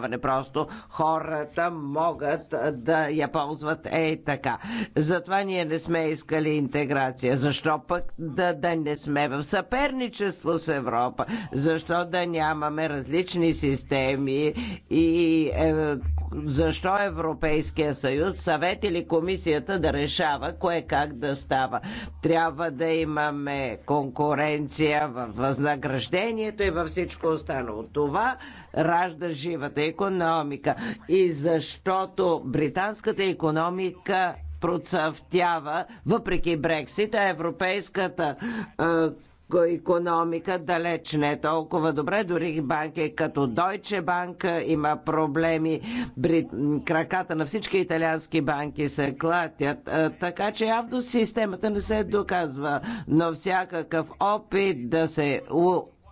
не просто хората могат да я ползват е така. Затова ние не сме искали интеграция. Защо пък да, да не сме в съперничество с Европа? Защо да нямаме различни системи и е, защо Европейския съюз, съвет или комисията да решава кое как да става? Трябва да имаме конкуренция в възнаграждението и във всичко останало. Това ражда живата економика. И защото британската економика процъфтява, въпреки Брексита, европейската економика далеч не е толкова добре. Дори банки е като Deutsche Bank има проблеми. Брит... Краката на всички италиански банки се клатят. Така че явно системата не се доказва. Но всякакъв опит да се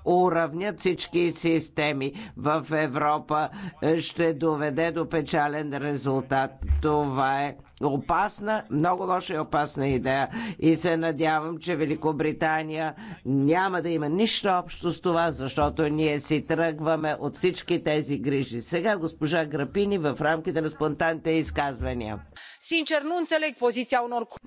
уравнят всички системи в Европа, е, ще доведе до печален резултат. Това е опасна, много лоша и опасна идея. И се надявам, че Великобритания няма да има нищо общо с това, защото ние си тръгваме от всички тези грижи. Сега госпожа Грапини в рамките на спонтанните изказвания. Синчер, nu înțeleg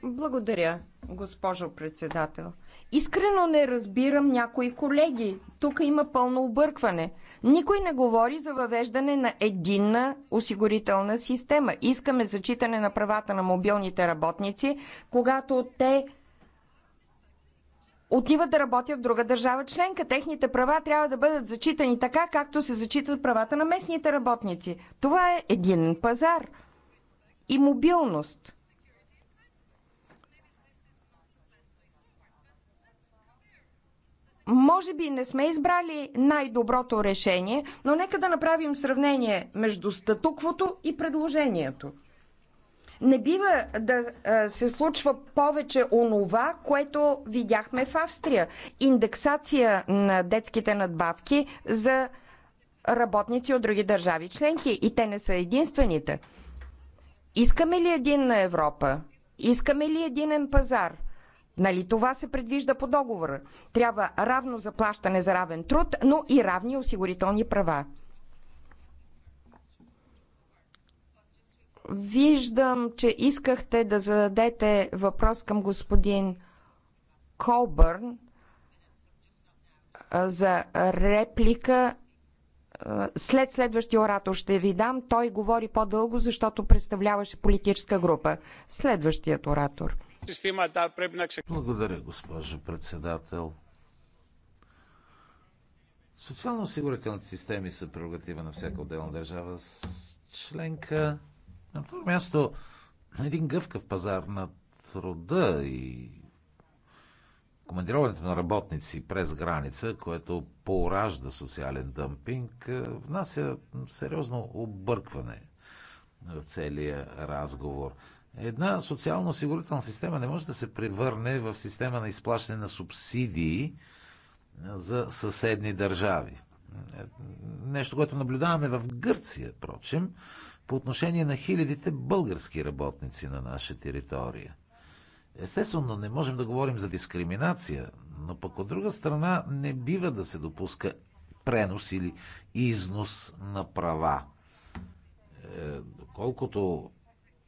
Благодаря, госпожо председател. Искрено не разбирам някои колеги. Тук има пълно объркване. Никой не говори за въвеждане на единна осигурителна система. Искаме зачитане на правата на мобилните работници, когато те отиват да работят в друга държава членка. Техните права трябва да бъдат зачитани така, както се зачитат правата на местните работници. Това е един пазар и мобилност. Може би не сме избрали най-доброто решение, но нека да направим сравнение между статуквото и предложението. Не бива да се случва повече онова, което видяхме в Австрия. Индексация на детските надбавки за работници от други държави членки. И те не са единствените. Искаме ли един на Европа? Искаме ли единен пазар? Нали това се предвижда по договора? Трябва равно заплащане за равен труд, но и равни осигурителни права. Виждам, че искахте да зададете въпрос към господин Колбърн за реплика. След следващия оратор ще ви дам. Той говори по-дълго, защото представляваше политическа група. Следващият оратор. Благодаря, госпожо председател. Социално-осигурителните системи са прерогатива на всяка отделна държава с членка. На второ място, един гъвкав пазар на труда и командироването на работници през граница, което поражда социален дъмпинг, внася сериозно объркване в целия разговор. Една социално-осигурителна система не може да се превърне в система на изплащане на субсидии за съседни държави. Е, нещо, което наблюдаваме в Гърция, прочим, по отношение на хилядите български работници на наша територия. Естествено, не можем да говорим за дискриминация, но пък от друга страна не бива да се допуска пренос или износ на права. Е, Колкото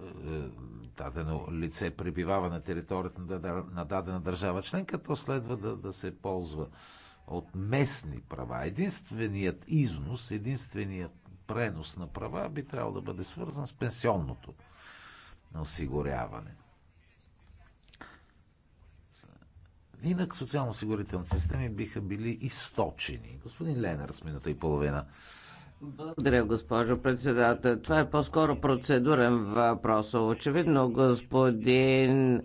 е, дадено лице пребивава на територията на дадена държава членка, то следва да, да се ползва от местни права. Единственият износ, единственият пренос на права би трябвало да бъде свързан с пенсионното осигуряване. Инак социално-осигурителните системи биха били източени. Господин Ленар с минута и половина. Благодаря, госпожо председател. Това е по-скоро процедурен въпрос. Очевидно, господин е,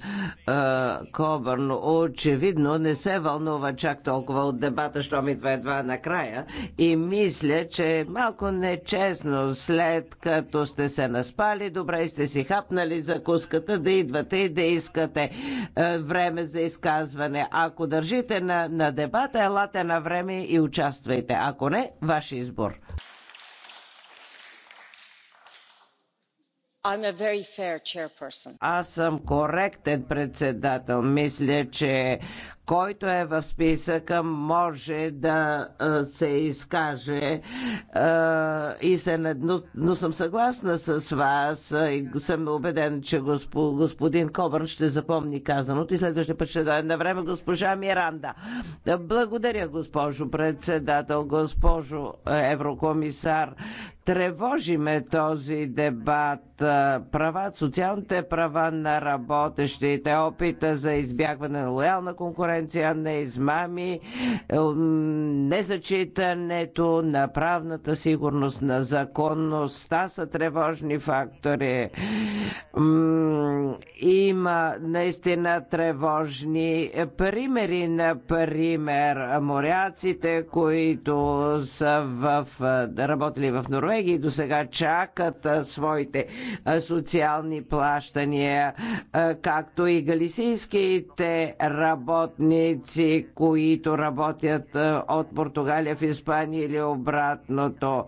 Кобърн, очевидно не се вълнува чак толкова от дебата, що ми това едва накрая. И мисля, че е малко нечестно, след като сте се наспали, добре и сте си хапнали закуската, да идвате и да искате е, време за изказване. Ако държите на, на дебата, елате на време и участвайте. Ако не, ваш избор. Аз съм коректен председател. Мисля, че който е в списъка, може да се изкаже и се, но, но съм съгласна с вас и съм убеден, че госп... господин Кобърн ще запомни казаното и следващия път ще дойде на време госпожа Миранда. Благодаря, госпожо председател, госпожо еврокомисар. Тревожиме този дебат. Права, социалните права на работещите, опита за избягване на лоялна конкуренция, конкуренция на измами, е, незачитането на правната сигурност, на законността са тревожни фактори. Има наистина тревожни примери, например, моряците, които са в, е, работили в Норвегия и до сега чакат е, своите социални плащания, както и галисийските работни работници, които работят е, от Португалия в Испания или обратното.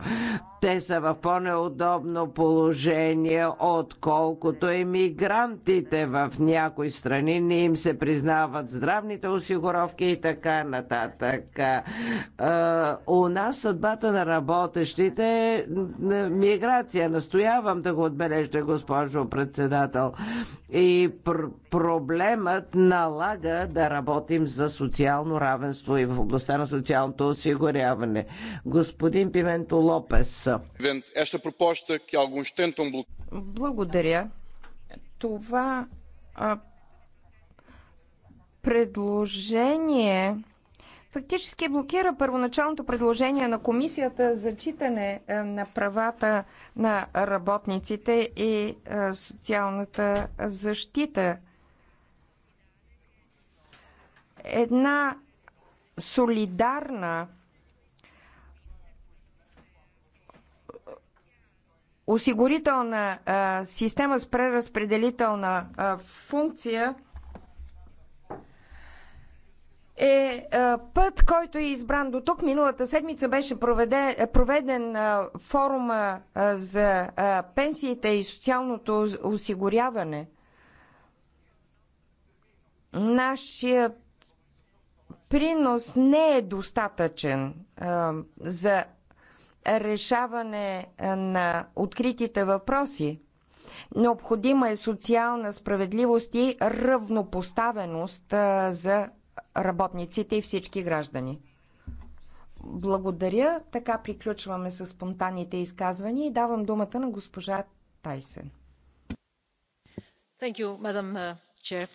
Те са в по-неудобно положение, отколкото емигрантите в някои страни. Не им се признават здравните осигуровки и така нататък. Е, у нас съдбата на работещите е, е миграция. Настоявам да го отбележите, госпожо председател. И пр- проблемът налага да работи работим за социално равенство и в областта на социалното осигуряване. Господин Пименто Лопес. Благодаря. Това а, предложение фактически блокира първоначалното предложение на комисията за читане е, на правата на работниците и е, социалната защита една солидарна осигурителна а, система с преразпределителна а, функция е а, път, който е избран до тук. Миналата седмица беше проведе, проведен а, форума а, за а, пенсиите и социалното осигуряване. Нашият принос не е достатъчен а, за решаване на откритите въпроси. Необходима е социална справедливост и равнопоставеност а, за работниците и всички граждани. Благодаря. Така приключваме с спонтанните изказвания и давам думата на госпожа Тайсен. Thank you, Madam uh, Chair.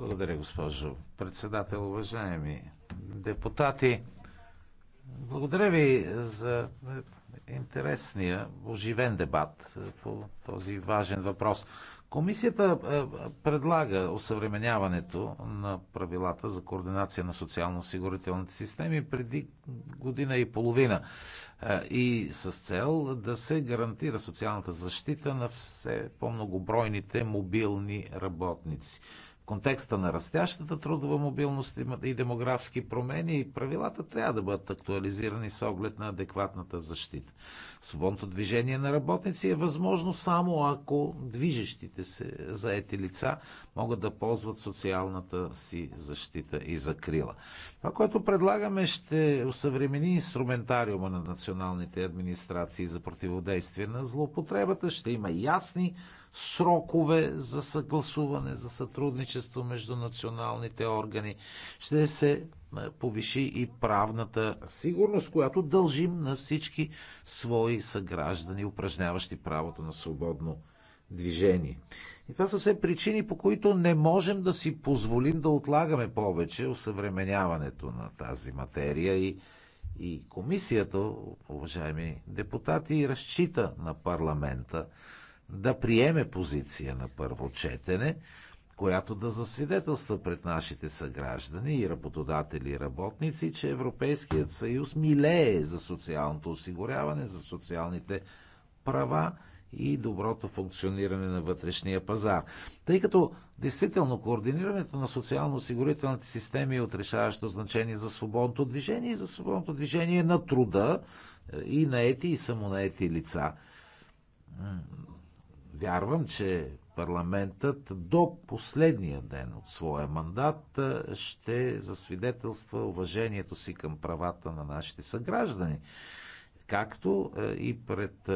Благодаря, госпожо председател. Уважаеми депутати, благодаря ви за интересния, оживен дебат по този важен въпрос. Комисията е, предлага осъвременяването на правилата за координация на социално-осигурителните системи преди година и половина е, и с цел да се гарантира социалната защита на все по-многобройните мобилни работници контекста на растящата трудова мобилност и демографски промени и правилата трябва да бъдат актуализирани с оглед на адекватната защита. Свободното движение на работници е възможно само ако движещите се заети лица могат да ползват социалната си защита и закрила. Това, което предлагаме, ще усъвремени инструментариума на националните администрации за противодействие на злоупотребата, ще има ясни срокове за съгласуване, за сътрудничество между националните органи. Ще се е, повиши и правната сигурност, която дължим на всички свои съграждани, упражняващи правото на свободно движение. И това са все причини, по които не можем да си позволим да отлагаме повече усъвременяването на тази материя и и комисията, уважаеми депутати, разчита на парламента да приеме позиция на първо четене, която да засвидетелства пред нашите съграждани и работодатели и работници, че Европейският съюз милее за социалното осигуряване, за социалните права и доброто функциониране на вътрешния пазар. Тъй като действително координирането на социално-осигурителните системи е от решаващо значение за свободното движение и за свободното движение на труда е, и наети и самонаети лица Вярвам, че парламентът до последния ден от своя мандат ще засвидетелства уважението си към правата на нашите съграждани, както и пред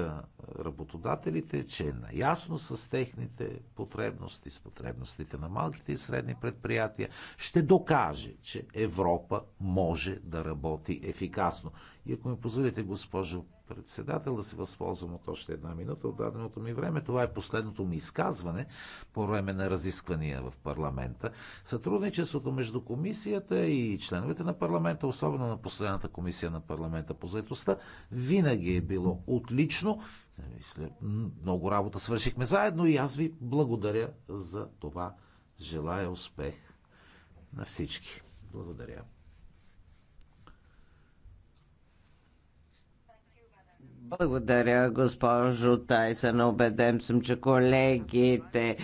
работодателите, че е наясно с техните потребности, с потребностите на малките и средни предприятия, ще докаже, че Европа може да работи ефикасно. И ако ми позволите, госпожо председател, да се възползвам от още една минута от даденото ми време. Това е последното ми изказване по време на разисквания в парламента. Сътрудничеството между комисията и членовете на парламента, особено на последната комисия на парламента по заедостта, винаги е било отлично. Мисля, много работа свършихме заедно и аз ви благодаря за това. Желая успех на всички. Благодаря. Благодаря, госпожо Тайсън. Убеден съм, че колегите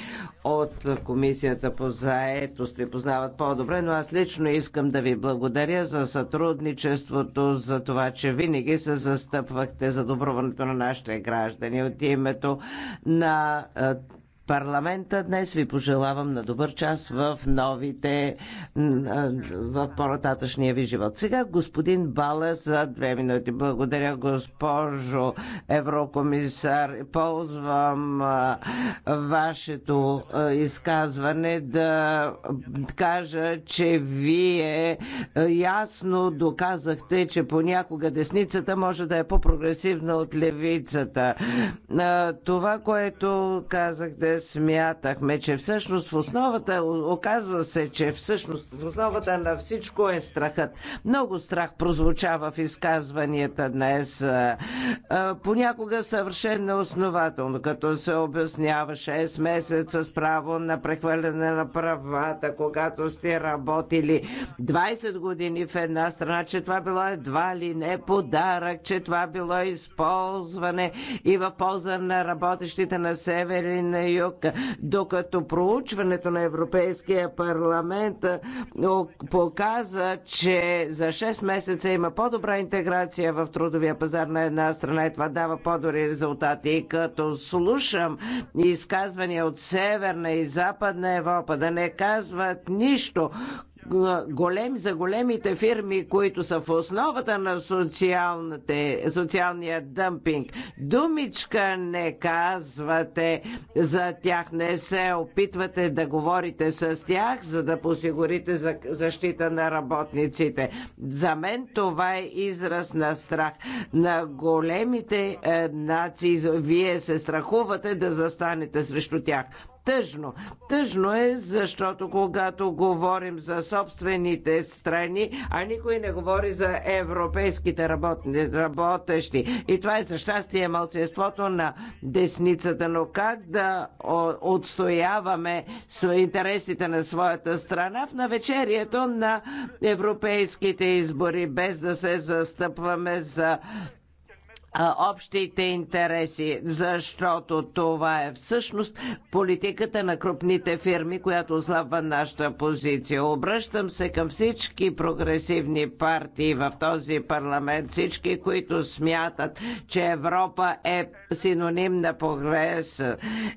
от Комисията по заетост ви познават по-добре, но аз лично искам да ви благодаря за сътрудничеството, за това, че винаги се застъпвахте за доброването на нашите граждани от името на парламента. Днес ви пожелавам на добър час в новите, в по-нататъчния ви живот. Сега господин Бала за две минути. Благодаря, госпожо еврокомисар. Ползвам вашето изказване да кажа, че вие ясно доказахте, че понякога десницата може да е по-прогресивна от левицата. Това, което казахте смятахме, че всъщност в основата, оказва се, че всъщност в основата на всичко е страхът. Много страх прозвучава в изказванията днес. Понякога съвършенно основателно, като се обяснява 6 месеца с право на прехвърляне на правата, когато сте работили 20 години в една страна, че това било едва ли не подарък, че това било използване и в полза на работещите на север и на юг юг, докато проучването на Европейския парламент показа, че за 6 месеца има по-добра интеграция в трудовия пазар на една страна и това дава по-добри резултати. И като слушам изказвания от Северна и Западна Европа да не казват нищо, голем, за големите фирми, които са в основата на социалния дъмпинг. Думичка не казвате за тях, не се опитвате да говорите с тях, за да посигурите за защита на работниците. За мен това е израз на страх. На големите е, нации вие се страхувате да застанете срещу тях тъжно. Тъжно е, защото когато говорим за собствените страни, а никой не говори за европейските работни, работещи. И това е за щастие мълцинството на десницата. Но как да отстояваме интересите на своята страна в навечерието на европейските избори, без да се застъпваме за общите интереси, защото това е всъщност политиката на крупните фирми, която ослабва нашата позиция. Обръщам се към всички прогресивни партии в този парламент, всички, които смятат, че Европа е синоним на прогрес.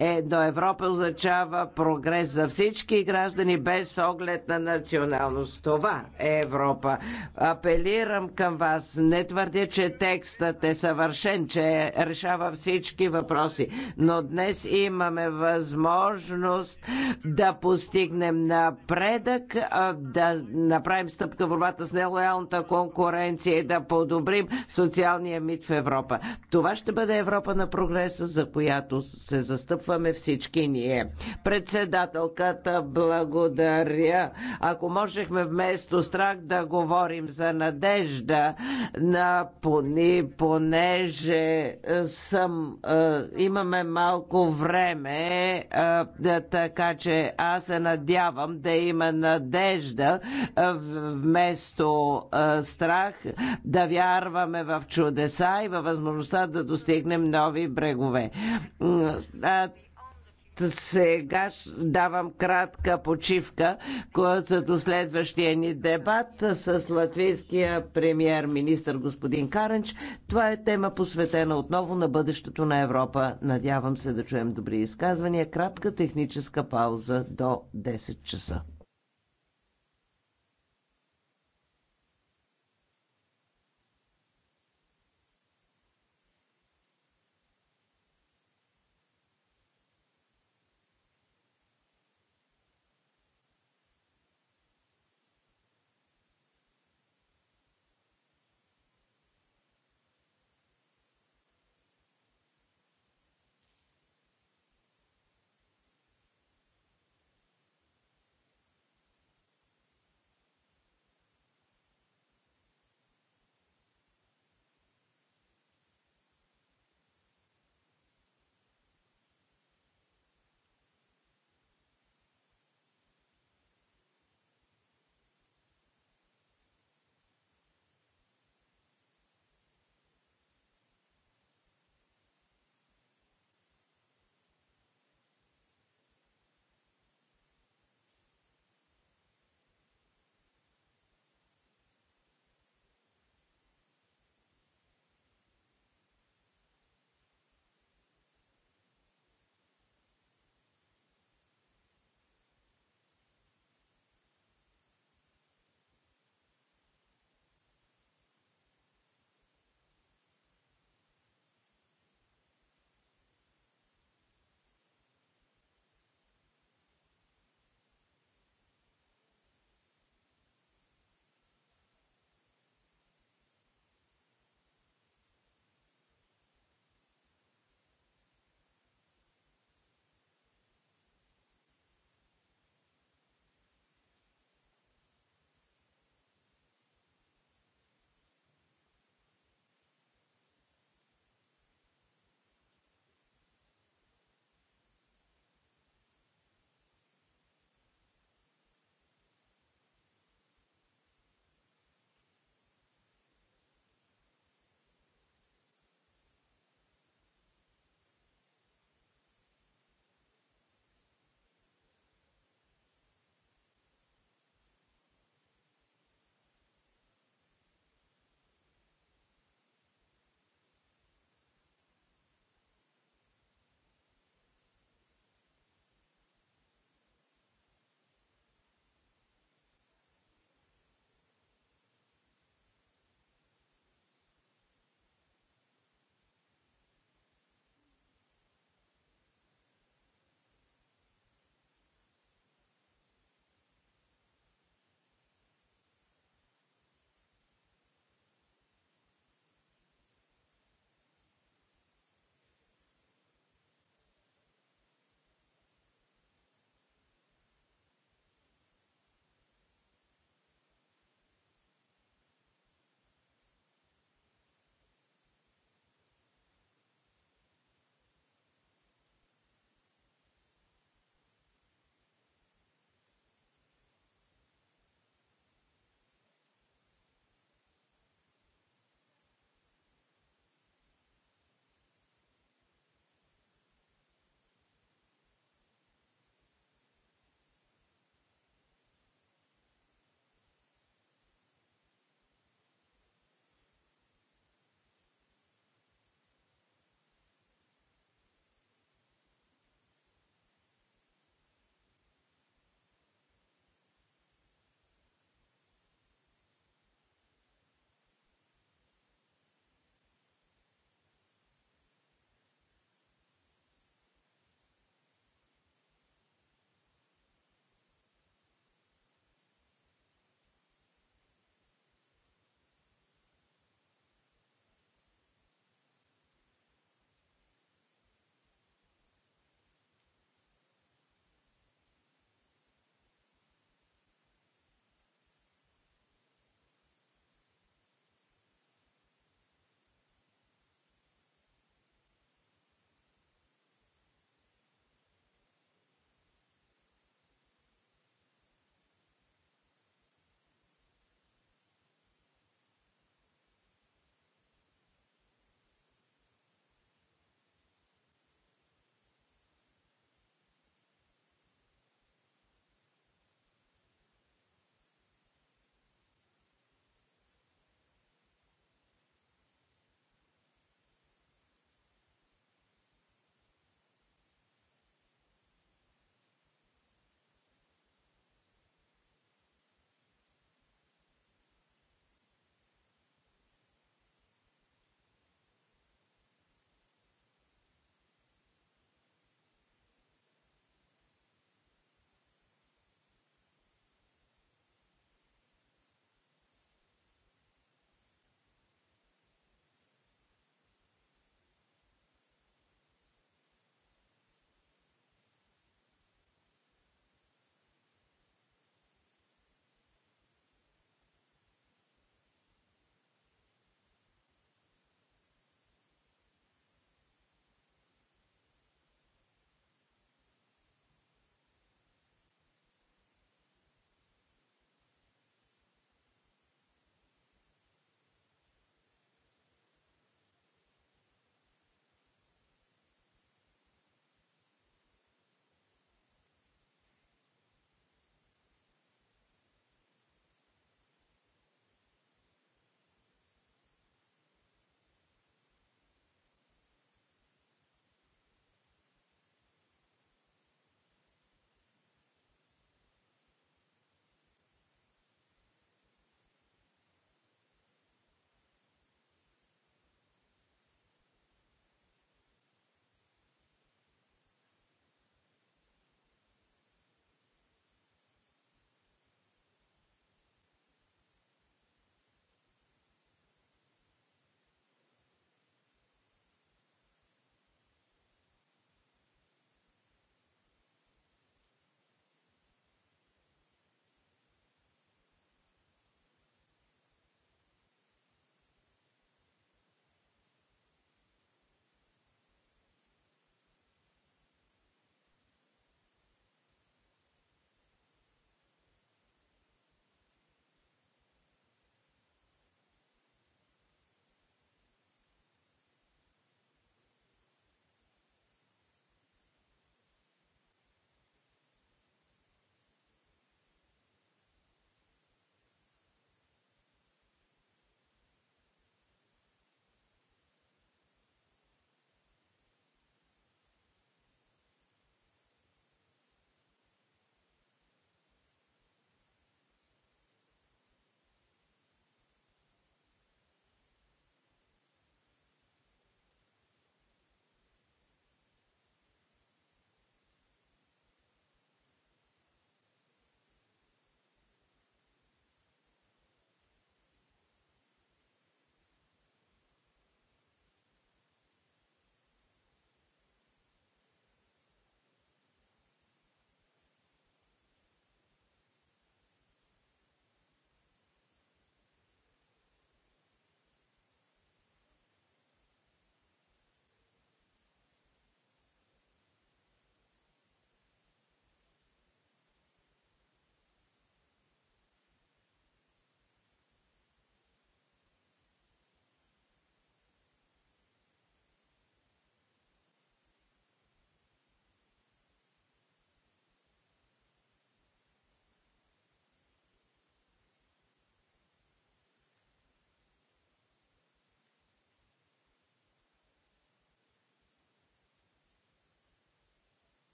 Е, но Европа означава прогрес за всички граждани без оглед на националност. Това е Европа. Апелирам към вас. Не твърдя, че текстът е съвършен съвършен, че решава всички въпроси. Но днес имаме възможност да постигнем напредък, да направим стъпка в борбата с нелоялната конкуренция и да подобрим социалния мит в Европа. Това ще бъде Европа на прогреса, за която се застъпваме всички ние. Председателката, благодаря. Ако можехме вместо страх да говорим за надежда, на поне, поне понеже е, съм, е, имаме малко време, е, така че аз се надявам да има надежда вместо страх, да вярваме в чудеса и във възможността да достигнем нови брегове. Сега давам кратка почивка, която до следващия ни дебат с латвийския премьер министр господин Каренч. Това е тема посветена отново на бъдещето на Европа. Надявам се да чуем добри изказвания. Кратка техническа пауза до 10 часа.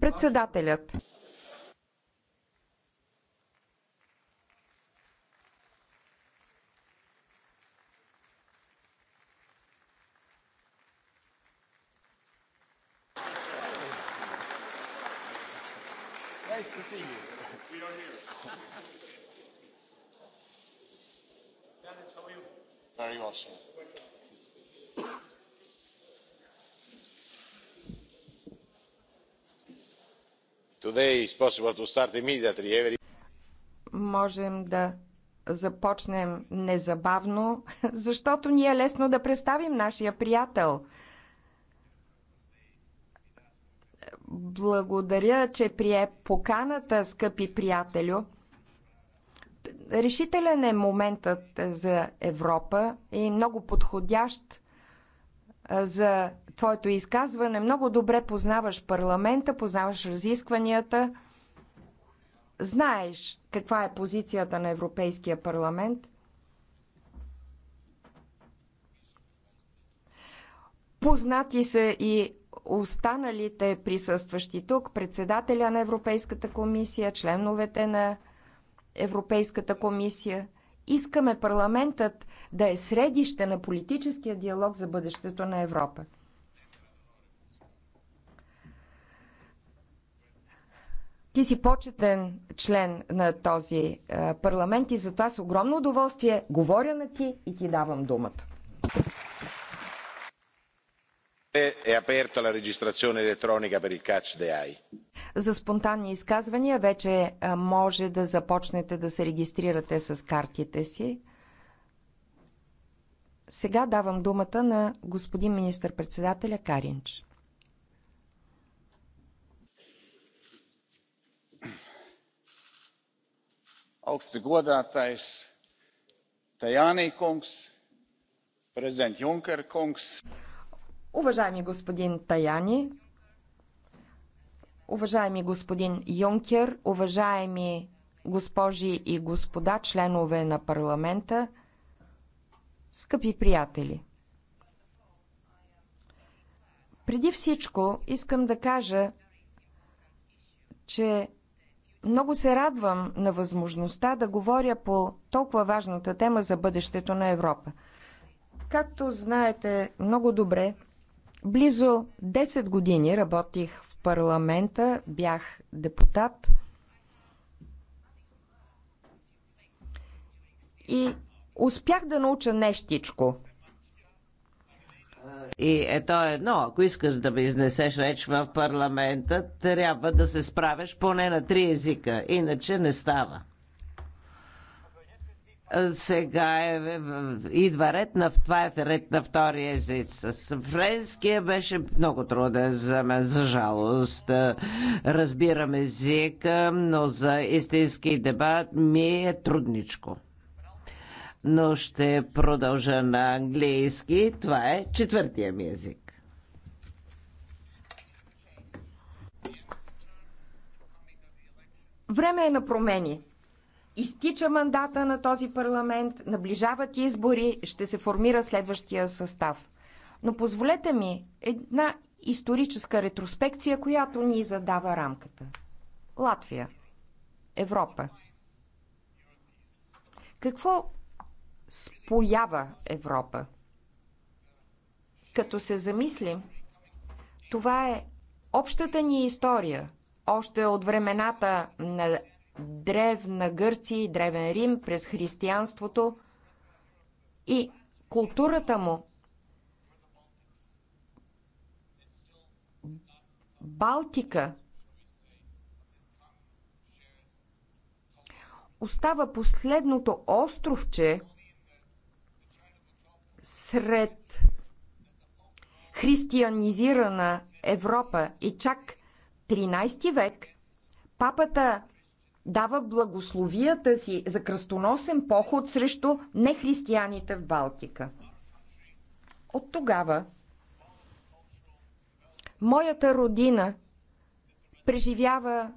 Председателят. Nice to see you. We are here. Very well, sir. Можем да започнем незабавно, защото ни е лесно да представим нашия приятел. Благодаря, че прие поканата, скъпи приятелю. Решителен е моментът за Европа и много подходящ за твоето изказване. Много добре познаваш парламента, познаваш разискванията, знаеш каква е позицията на Европейския парламент. Познати са и останалите присъстващи тук, председателя на Европейската комисия, членовете на Европейската комисия. Искаме парламентът да е средище на политическия диалог за бъдещето на Европа. Ти си почетен член на този е, парламент и затова с огромно удоволствие говоря на ти и ти давам думата. Е aperta е la registrazione elettronica per il catch the eye. За спонтанни изказвания вече е, може да започнете да се регистрирате с картите си. Сега давам думата на господин министър-председателя Каринч. augsti godātais tajani kungs prezident juncker kungs Уважаеми господин Таяни, уважаеми господин Юнкер, уважаеми госпожи и господа, членове на парламента, скъпи приятели. Преди всичко искам да кажа, че много се радвам на възможността да говоря по толкова важната тема за бъдещето на Европа. Както знаете много добре, близо 10 години работих в парламента, бях депутат и успях да науча нещичко – и ето е едно, ако искаш да ми изнесеш реч в парламента, трябва да се справяш поне на три езика, иначе не става. Сега е, идва ред на, това е ред на втори език. С френския беше много труден за мен, за жалост. Разбирам езика, но за истински дебат ми е трудничко но ще продължа на английски. Това е четвъртия ми език. Време е на промени. Изтича мандата на този парламент, наближават избори, ще се формира следващия състав. Но позволете ми една историческа ретроспекция, която ни задава рамката. Латвия. Европа. Какво споява Европа. Като се замислим, това е общата ни история, още от времената на древна Гърция и древен Рим през християнството и културата му. Балтика остава последното островче – сред християнизирана Европа и чак 13 век папата дава благословията си за кръстоносен поход срещу нехристияните в Балтика. От тогава моята родина преживява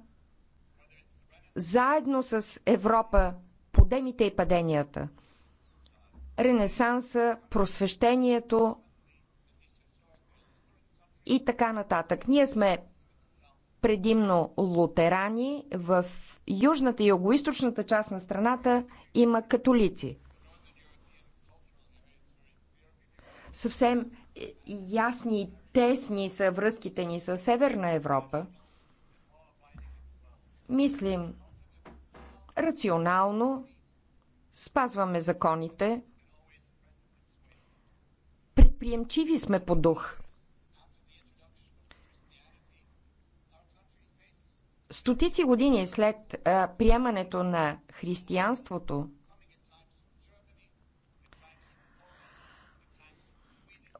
заедно с Европа подемите и паденията – Ренесанса, просвещението и така нататък. Ние сме предимно лутерани, в южната и югоисточната част на страната има католици. Съвсем ясни и тесни са връзките ни с Северна Европа. Мислим рационално, спазваме законите, предприемчиви сме по дух. Стотици години след а, приемането на християнството,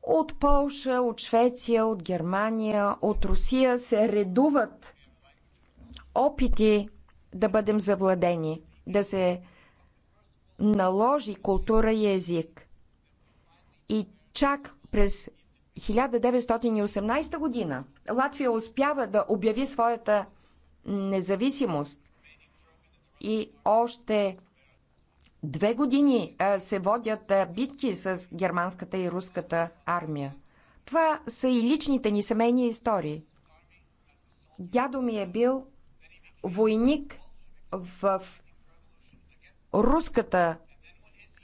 от Полша, от Швеция, от Германия, от Русия се редуват опити да бъдем завладени, да се наложи култура и език. И Чак през 1918 година Латвия успява да обяви своята независимост и още две години се водят битки с германската и руската армия. Това са и личните ни семейни истории. Дядо ми е бил войник в руската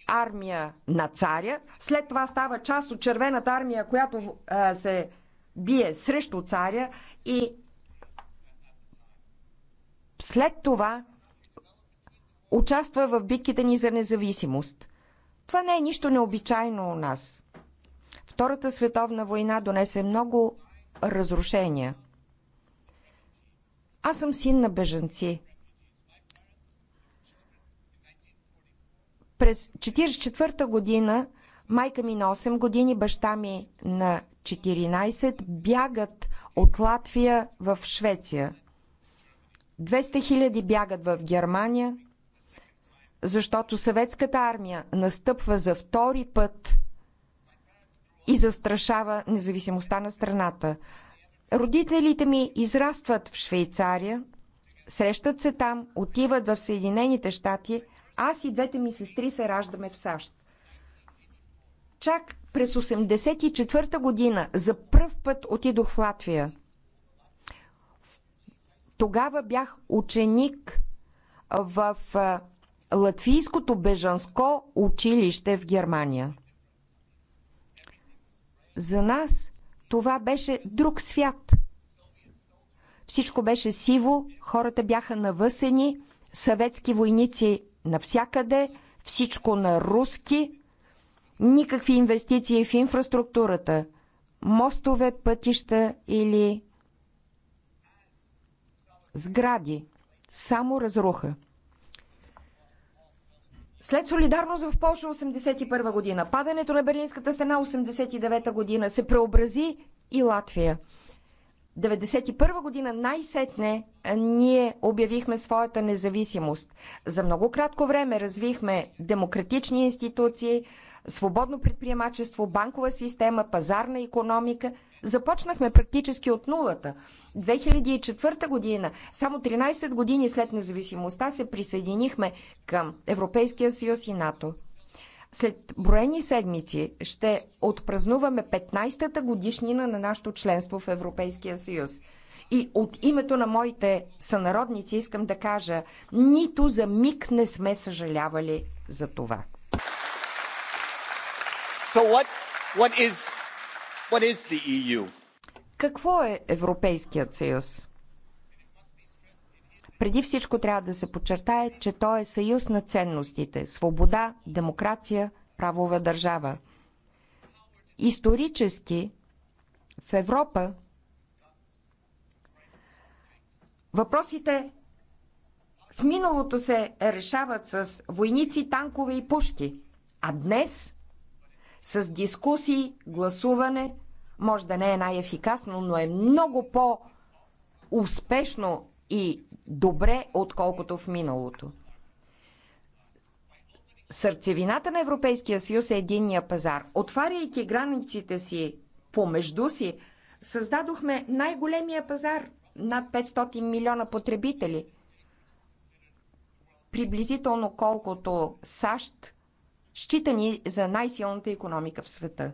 армия на царя, след това става част от червената армия, която а, се бие срещу царя и след това участва в битките ни за независимост. Това не е нищо необичайно у нас. Втората световна война донесе много разрушения. Аз съм син на бежанци – През 1944 година майка ми на 8 години, баща ми на 14 бягат от Латвия в Швеция. 200 хиляди бягат в Германия, защото съветската армия настъпва за втори път и застрашава независимостта на страната. Родителите ми израстват в Швейцария, срещат се там, отиват в Съединените щати, аз и двете ми сестри се раждаме в САЩ. Чак през 84-та година за пръв път отидох в Латвия. Тогава бях ученик в Латвийското бежанско училище в Германия. За нас това беше друг свят. Всичко беше сиво, хората бяха навъсени, съветски войници навсякъде, всичко на руски, никакви инвестиции в инфраструктурата, мостове, пътища или сгради. Само разруха. След солидарност в Польша 81 година, падането на Берлинската стена 89 година се преобрази и Латвия – 1991 година най-сетне ние обявихме своята независимост. За много кратко време развихме демократични институции, свободно предприемачество, банкова система, пазарна економика. Започнахме практически от нулата. 2004 година, само 13 години след независимостта, се присъединихме към Европейския съюз и НАТО. След броени седмици ще отпразнуваме 15-та годишнина на нашето членство в Европейския съюз. И от името на моите сънародници искам да кажа, нито за миг не сме съжалявали за това. So what, what is, what is the EU? Какво е Европейският съюз? Преди всичко трябва да се подчертае, че той е съюз на ценностите – свобода, демокрация, правова държава. Исторически в Европа въпросите в миналото се решават с войници, танкове и пушки, а днес с дискусии, гласуване, може да не е най-ефикасно, но е много по-успешно и добре, отколкото в миналото. Сърцевината на Европейския съюз е единния пазар. Отваряйки границите си помежду си, създадохме най-големия пазар над 500 милиона потребители. Приблизително колкото САЩ, считани за най-силната економика в света.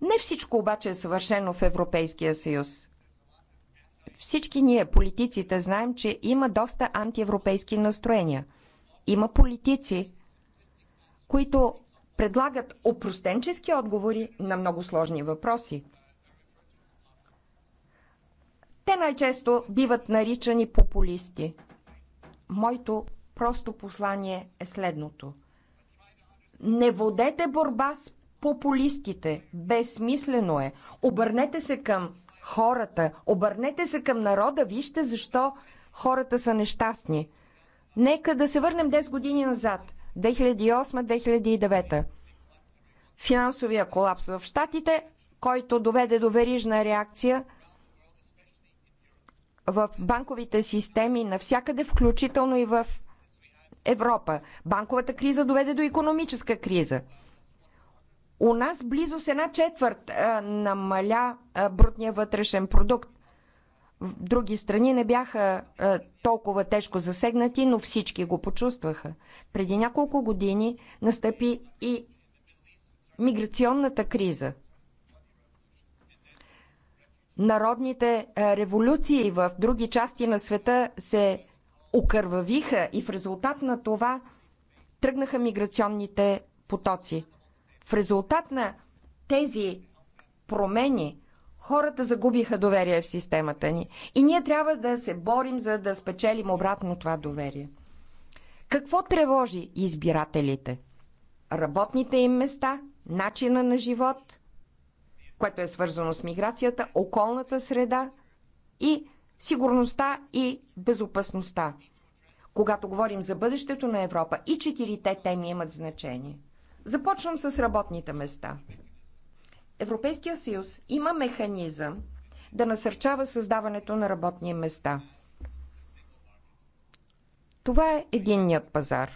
Не всичко обаче е съвършено в Европейския съюз. Всички ние, политиците, знаем, че има доста антиевропейски настроения. Има политици, които предлагат опростенчески отговори на много сложни въпроси. Те най-често биват наричани популисти. Моето просто послание е следното. Не водете борба с популистите. Безсмислено е. Обърнете се към хората, обърнете се към народа, вижте защо хората са нещастни. Нека да се върнем 10 години назад. 2008-2009. Финансовия колапс в Штатите, който доведе до верижна реакция в банковите системи навсякъде, включително и в Европа. Банковата криза доведе до економическа криза. У нас близо с една четвърт а, намаля а, брутния вътрешен продукт. В други страни не бяха а, толкова тежко засегнати, но всички го почувстваха. Преди няколко години настъпи и миграционната криза. Народните революции в други части на света се окървавиха и в резултат на това тръгнаха миграционните потоци. В резултат на тези промени хората загубиха доверие в системата ни. И ние трябва да се борим, за да спечелим обратно това доверие. Какво тревожи избирателите? Работните им места, начина на живот, което е свързано с миграцията, околната среда и сигурността и безопасността. Когато говорим за бъдещето на Европа, и четирите теми имат значение – Започвам с работните места. Европейския съюз има механизъм да насърчава създаването на работни места. Това е единният пазар.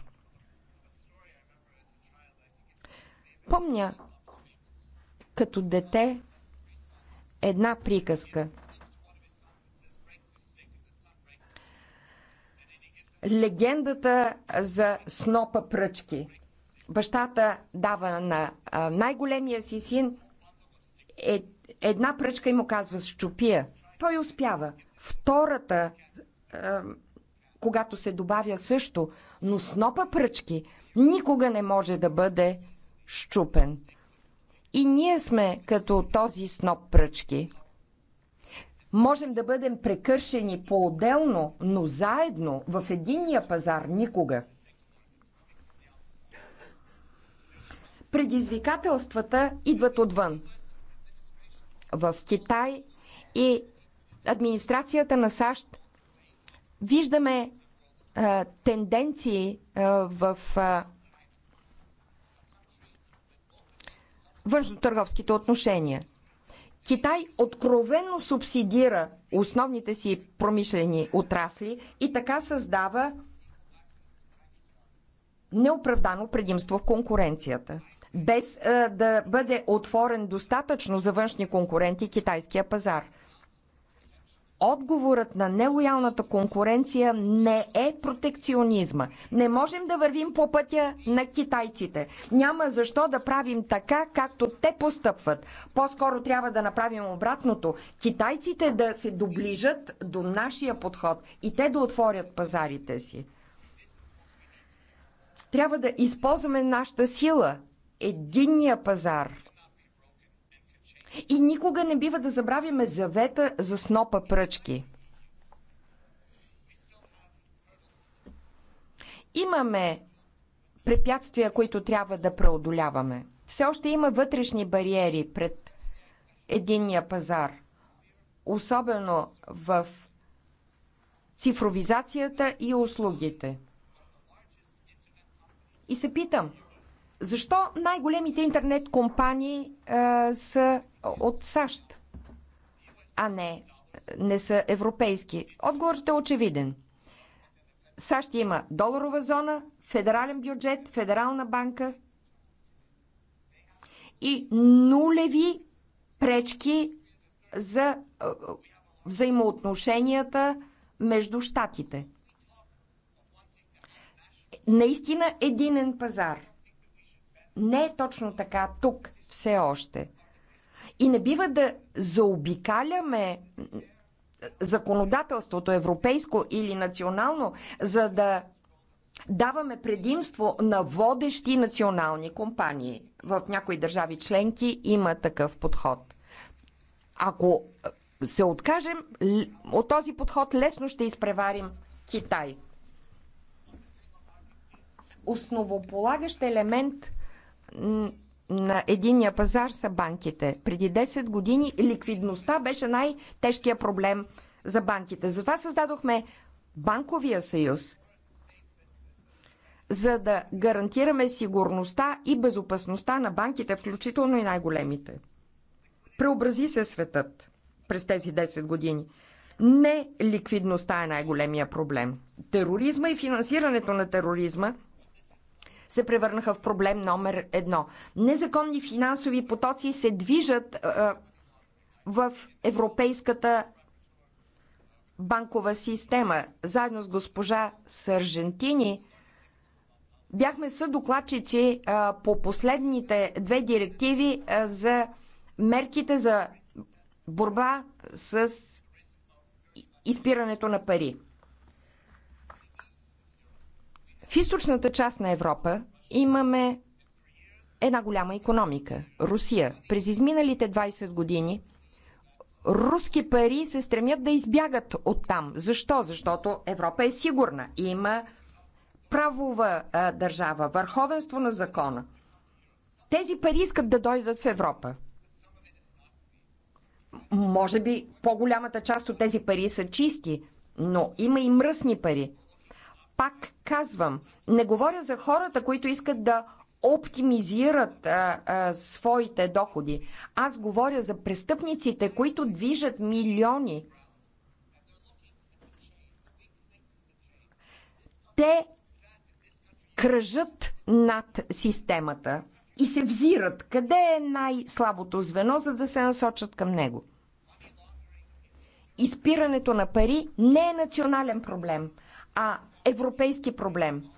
Помня като дете една приказка. Легендата за снопа пръчки – Бащата дава на най-големия си син е, една пръчка и му казва щупия. Той успява. Втората, когато се добавя също, но снопа пръчки никога не може да бъде щупен. И ние сме като този сноп пръчки. Можем да бъдем прекършени по-отделно, но заедно в единния пазар никога. Предизвикателствата идват отвън. В Китай и администрацията на САЩ виждаме а, тенденции а, в а, външно-търговските отношения. Китай откровенно субсидира основните си промишлени отрасли и така създава неоправдано предимство в конкуренцията без да бъде отворен достатъчно за външни конкуренти китайския пазар. Отговорът на нелоялната конкуренция не е протекционизма. Не можем да вървим по пътя на китайците. Няма защо да правим така, както те постъпват. По-скоро трябва да направим обратното. Китайците да се доближат до нашия подход и те да отворят пазарите си. Трябва да използваме нашата сила, единния пазар. И никога не бива да забравяме завета за снопа пръчки. Имаме препятствия, които трябва да преодоляваме. Все още има вътрешни бариери пред единния пазар, особено в цифровизацията и услугите. И се питам, защо най-големите интернет компании а, са от САЩ, а не, не са европейски? Отговорът е очевиден. САЩ има доларова зона, федерален бюджет, федерална банка и нулеви пречки за взаимоотношенията между щатите. Наистина единен пазар – не е точно така тук все още. И не бива да заобикаляме законодателството, европейско или национално, за да даваме предимство на водещи национални компании. В някои държави членки има такъв подход. Ако се откажем от този подход, лесно ще изпреварим Китай. Основополагащ елемент на единия пазар са банките. Преди 10 години ликвидността беше най-тежкия проблем за банките. Затова създадохме Банковия съюз, за да гарантираме сигурността и безопасността на банките, включително и най-големите. Преобрази се светът през тези 10 години. Не ликвидността е най-големия проблем. Тероризма и финансирането на тероризма – се превърнаха в проблем номер едно. Незаконни финансови потоци се движат в европейската банкова система. Заедно с госпожа Саржентини бяхме съдокладчици по последните две директиви за мерките за борба с изпирането на пари. В източната част на Европа имаме една голяма економика – Русия. През изминалите 20 години руски пари се стремят да избягат от там. Защо? Защото Европа е сигурна. Има правова а, държава, върховенство на закона. Тези пари искат да дойдат в Европа. Може би по-голямата част от тези пари са чисти, но има и мръсни пари. Пак казвам, не говоря за хората, които искат да оптимизират а, а, своите доходи. Аз говоря за престъпниците, които движат милиони. Те кръжат над системата и се взират къде е най-слабото звено, за да се насочат към него. Изпирането на пари не е национален проблем, а европейски проблем.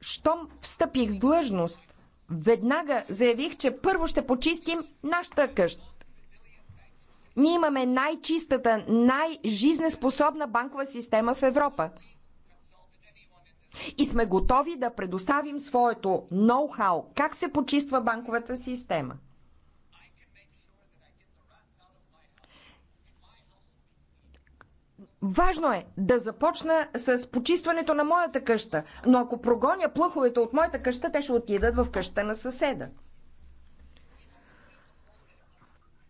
Щом встъпих в длъжност, веднага заявих, че първо ще почистим нашата къща. Ние имаме най-чистата, най-жизнеспособна банкова система в Европа. И сме готови да предоставим своето ноу-хау как се почиства банковата система. Важно е да започна с почистването на моята къща, но ако прогоня плъховете от моята къща, те ще отидат в къща на съседа.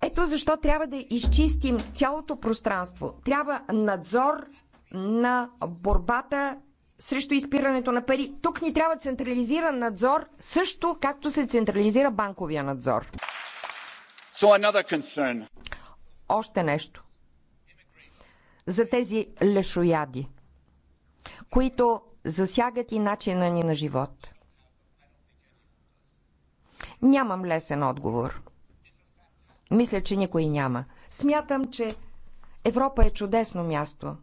Ето защо трябва да изчистим цялото пространство. Трябва надзор на борбата срещу изпирането на пари. Тук ни трябва централизиран надзор, също както се централизира банковия надзор. So Още нещо за тези лешояди, които засягат и начина ни на живот? Нямам лесен отговор. Мисля, че никой няма. Смятам, че Европа е чудесно място,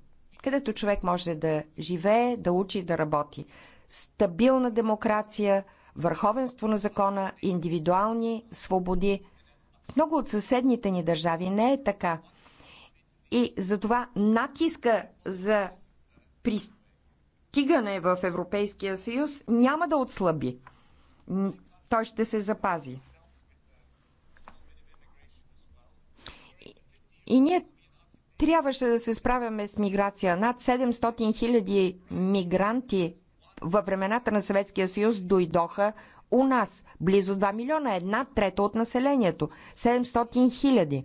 където човек може да живее, да учи, да работи. Стабилна демокрация, върховенство на закона, индивидуални свободи. В много от съседните ни държави не е така. И затова натиска за пристигане в Европейския съюз няма да отслаби. Той ще се запази. И ние трябваше да се справяме с миграция. Над 700 хиляди мигранти във времената на Съветския съюз дойдоха у нас. Близо 2 милиона, една трета от населението. 700 хиляди.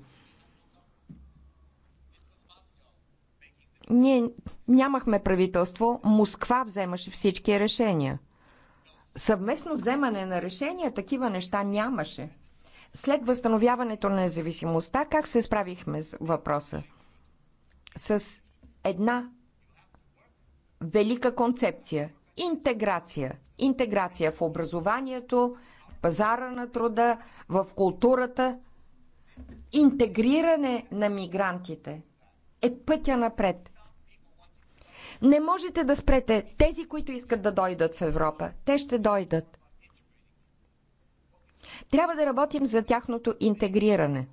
Ние нямахме правителство, Москва вземаше всички решения. Съвместно вземане на решения такива неща нямаше. След възстановяването на независимостта, как се справихме с въпроса? С една велика концепция интеграция. Интеграция в образованието, в пазара на труда, в културата. Интегриране на мигрантите е пътя напред. Не можете да спрете тези, които искат да дойдат в Европа. Те ще дойдат. Трябва да работим за тяхното интегриране.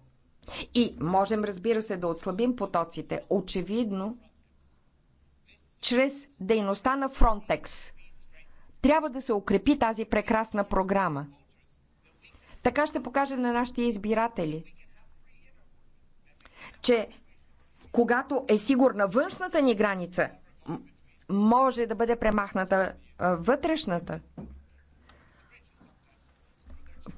И можем, разбира се, да отслабим потоците. Очевидно, чрез дейността на Фронтекс. Трябва да се укрепи тази прекрасна програма. Така ще покажем на нашите избиратели, че когато е сигурна външната ни граница, може да бъде премахната вътрешната.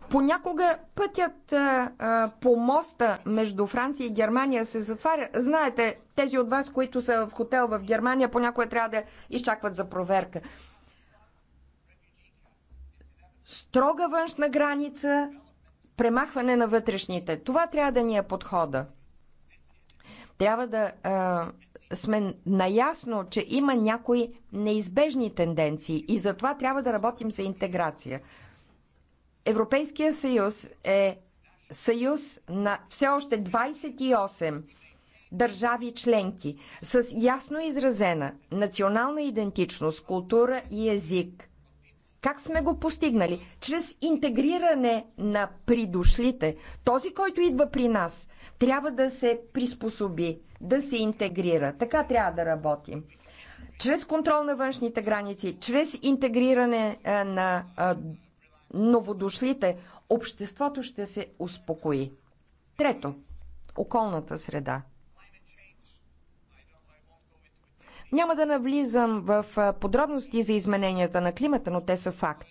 Понякога пътят а, по моста между Франция и Германия се затваря. Знаете, тези от вас, които са в хотел в Германия, понякога трябва да изчакват за проверка. Строга външна граница, премахване на вътрешните. Това трябва да ни е подхода. Трябва да а, сме наясно, че има някои неизбежни тенденции и затова трябва да работим за интеграция. Европейския съюз е съюз на все още 28 държави членки с ясно изразена национална идентичност, култура и език – как сме го постигнали? Чрез интегриране на придошлите. Този, който идва при нас, трябва да се приспособи, да се интегрира. Така трябва да работим. Чрез контрол на външните граници, чрез интегриране е, на е, новодошлите, обществото ще се успокои. Трето, околната среда. Няма да навлизам в подробности за измененията на климата, но те са факт.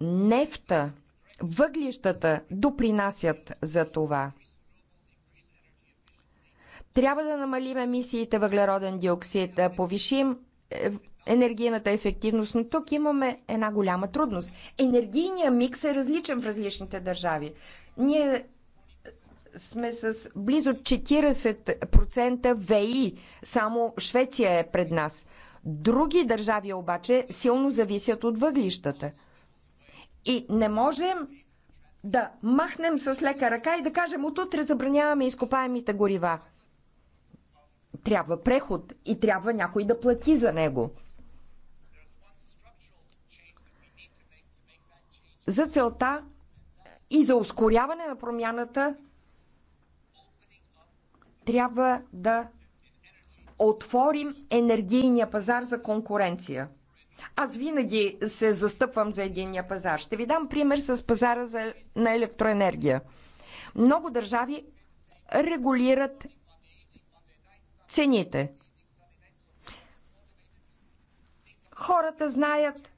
Нефта, въглищата допринасят за това. Трябва да намалим емисиите въглероден диоксид, да повишим е, енергийната ефективност, но тук имаме една голяма трудност. Енергийният микс е различен в различните държави. Ние сме с близо 40% ВИ. Само Швеция е пред нас. Други държави обаче силно зависят от въглищата. И не можем да махнем с лека ръка и да кажем от утре забраняваме изкопаемите горива. Трябва преход и трябва някой да плати за него. За целта и за ускоряване на промяната трябва да отворим енергийния пазар за конкуренция. Аз винаги се застъпвам за единния пазар. Ще ви дам пример с пазара за, на електроенергия. Много държави регулират цените. Хората знаят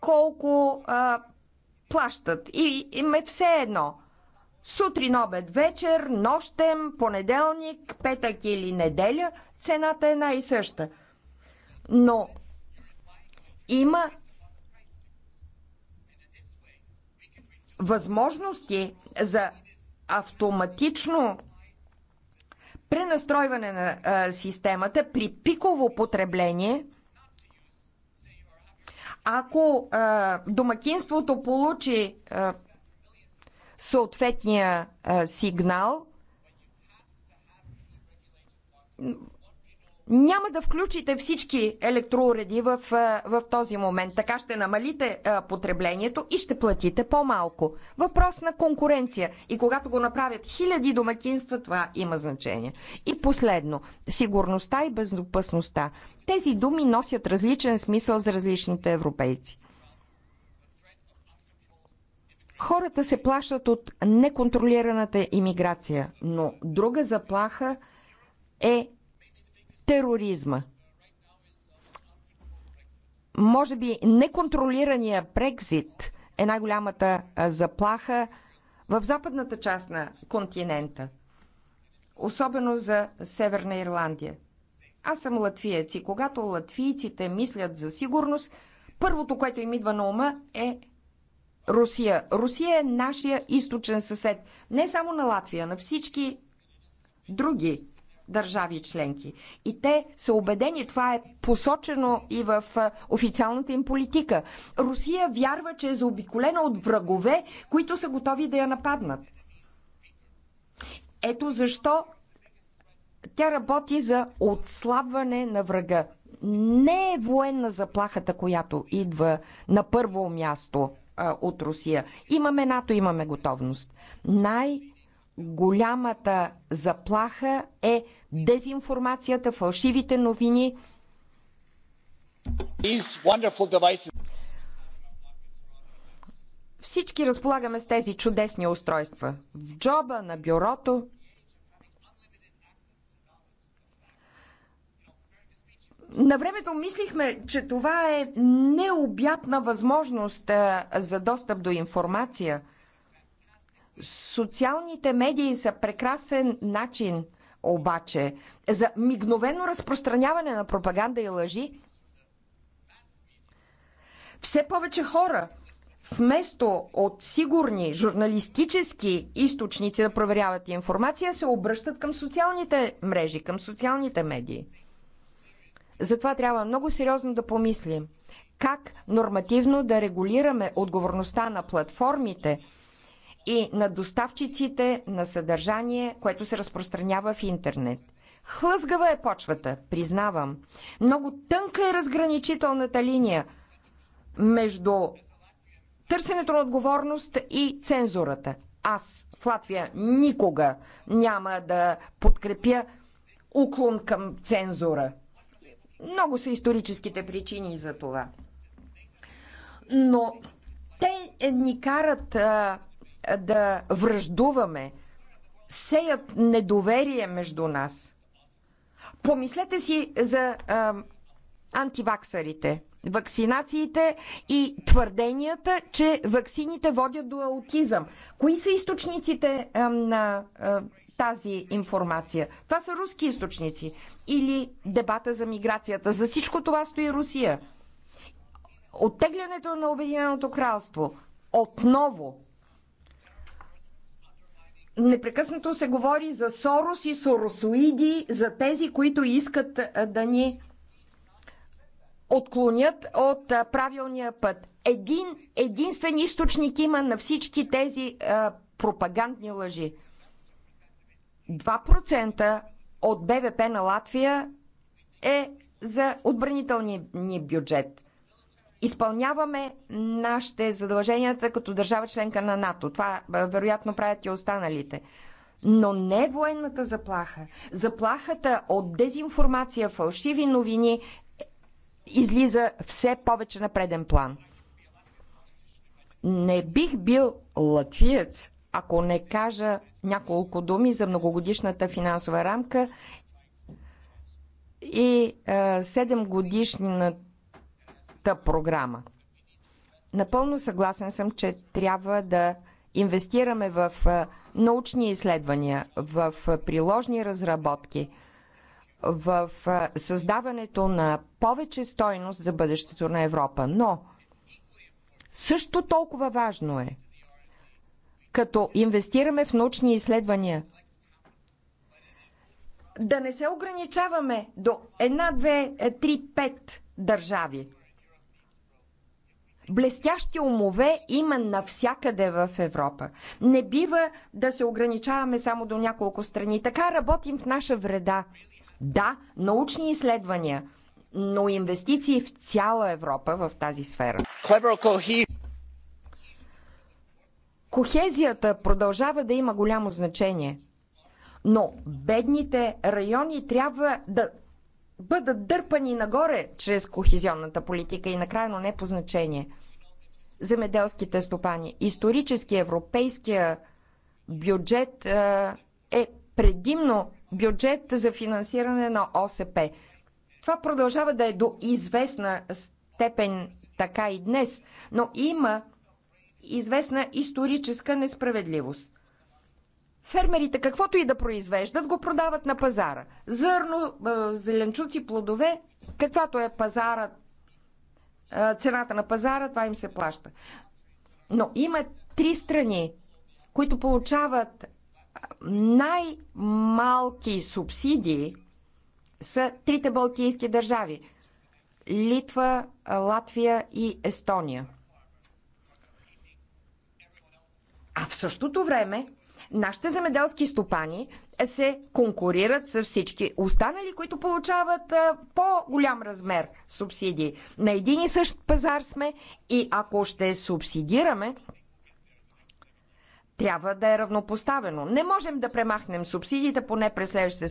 колко а, плащат и им е все едно сутрин, обед, вечер, нощем, понеделник, петък или неделя, цената е една и съща. Но има възможности за автоматично пренастройване на а, системата при пиково потребление, ако а, домакинството получи а, съответния сигнал, няма да включите всички електроуреди в, в този момент. Така ще намалите а, потреблението и ще платите по-малко. Въпрос на конкуренция. И когато го направят хиляди домакинства, това има значение. И последно, сигурността и безопасността. Тези думи носят различен смисъл за различните европейци. Хората се плашат от неконтролираната иммиграция, но друга заплаха е тероризма. Може би неконтролирания Брекзит е най-голямата заплаха в западната част на континента, особено за Северна Ирландия. Аз съм латвиец и когато латвийците мислят за сигурност, първото, което им идва на ума е Русия. Русия е нашия източен съсед. Не само на Латвия, на всички други държави членки. И те са убедени, това е посочено и в официалната им политика. Русия вярва, че е заобиколена от врагове, които са готови да я нападнат. Ето защо тя работи за отслабване на врага. Не е военна заплахата, която идва на първо място – а, от Русия. Имаме НАТО, имаме готовност. Най-голямата заплаха е дезинформацията, фалшивите новини. Всички разполагаме с тези чудесни устройства. В джоба, на бюрото, На времето мислихме, че това е необятна възможност за достъп до информация. Социалните медии са прекрасен начин обаче за мигновено разпространяване на пропаганда и лъжи. Все повече хора, вместо от сигурни журналистически източници да проверяват информация, се обръщат към социалните мрежи, към социалните медии. Затова трябва много сериозно да помислим как нормативно да регулираме отговорността на платформите и на доставчиците на съдържание, което се разпространява в интернет. Хлъзгава е почвата, признавам. Много тънка е разграничителната линия между търсенето на отговорност и цензурата. Аз в Латвия никога няма да подкрепя уклон към цензура. Много са историческите причини за това. Но те ни карат а, да връждуваме, сеят недоверие между нас. Помислете си за а, антиваксарите, вакцинациите и твърденията, че ваксините водят до аутизъм. Кои са източниците а, на а, тази информация. Това са руски източници. Или дебата за миграцията. За всичко това стои Русия. Оттеглянето на Обединеното кралство отново непрекъснато се говори за Сорос и Соросоиди, за тези, които искат да ни отклонят от правилния път. Един единствен източник има на всички тези а, пропагандни лъжи. 2% от БВП на Латвия е за отбранителния бюджет. Изпълняваме нашите задълженията като държава членка на НАТО. Това вероятно правят и останалите. Но не военната заплаха. Заплахата от дезинформация, фалшиви новини излиза все повече на преден план. Не бих бил латвиец, ако не кажа няколко думи за многогодишната финансова рамка и 7 годишната програма. Напълно съгласен съм, че трябва да инвестираме в научни изследвания, в приложни разработки, в създаването на повече стойност за бъдещето на Европа. Но също толкова важно е като инвестираме в научни изследвания. Да не се ограничаваме до една, две, е, три, пет държави. Блестящи умове има навсякъде в Европа. Не бива да се ограничаваме само до няколко страни. Така работим в наша вреда. Да, научни изследвания, но инвестиции в цяла Европа в тази сфера. Кохезията продължава да има голямо значение, но бедните райони трябва да бъдат дърпани нагоре чрез кохезионната политика и накрая, но не по значение. Земеделските стопани. Исторически европейския бюджет е предимно бюджет за финансиране на ОСП. Това продължава да е до известна степен така и днес, но има известна историческа несправедливост. Фермерите, каквото и да произвеждат, го продават на пазара. Зърно, зеленчуци, плодове, каквато е пазара, цената на пазара, това им се плаща. Но има три страни, които получават най-малки субсидии са трите балтийски държави Литва, Латвия и Естония. А в същото време нашите земеделски стопани се конкурират с всички останали, които получават по-голям размер субсидии. На един и същ пазар сме и ако ще субсидираме, трябва да е равнопоставено. Не можем да премахнем субсидиите поне през следващите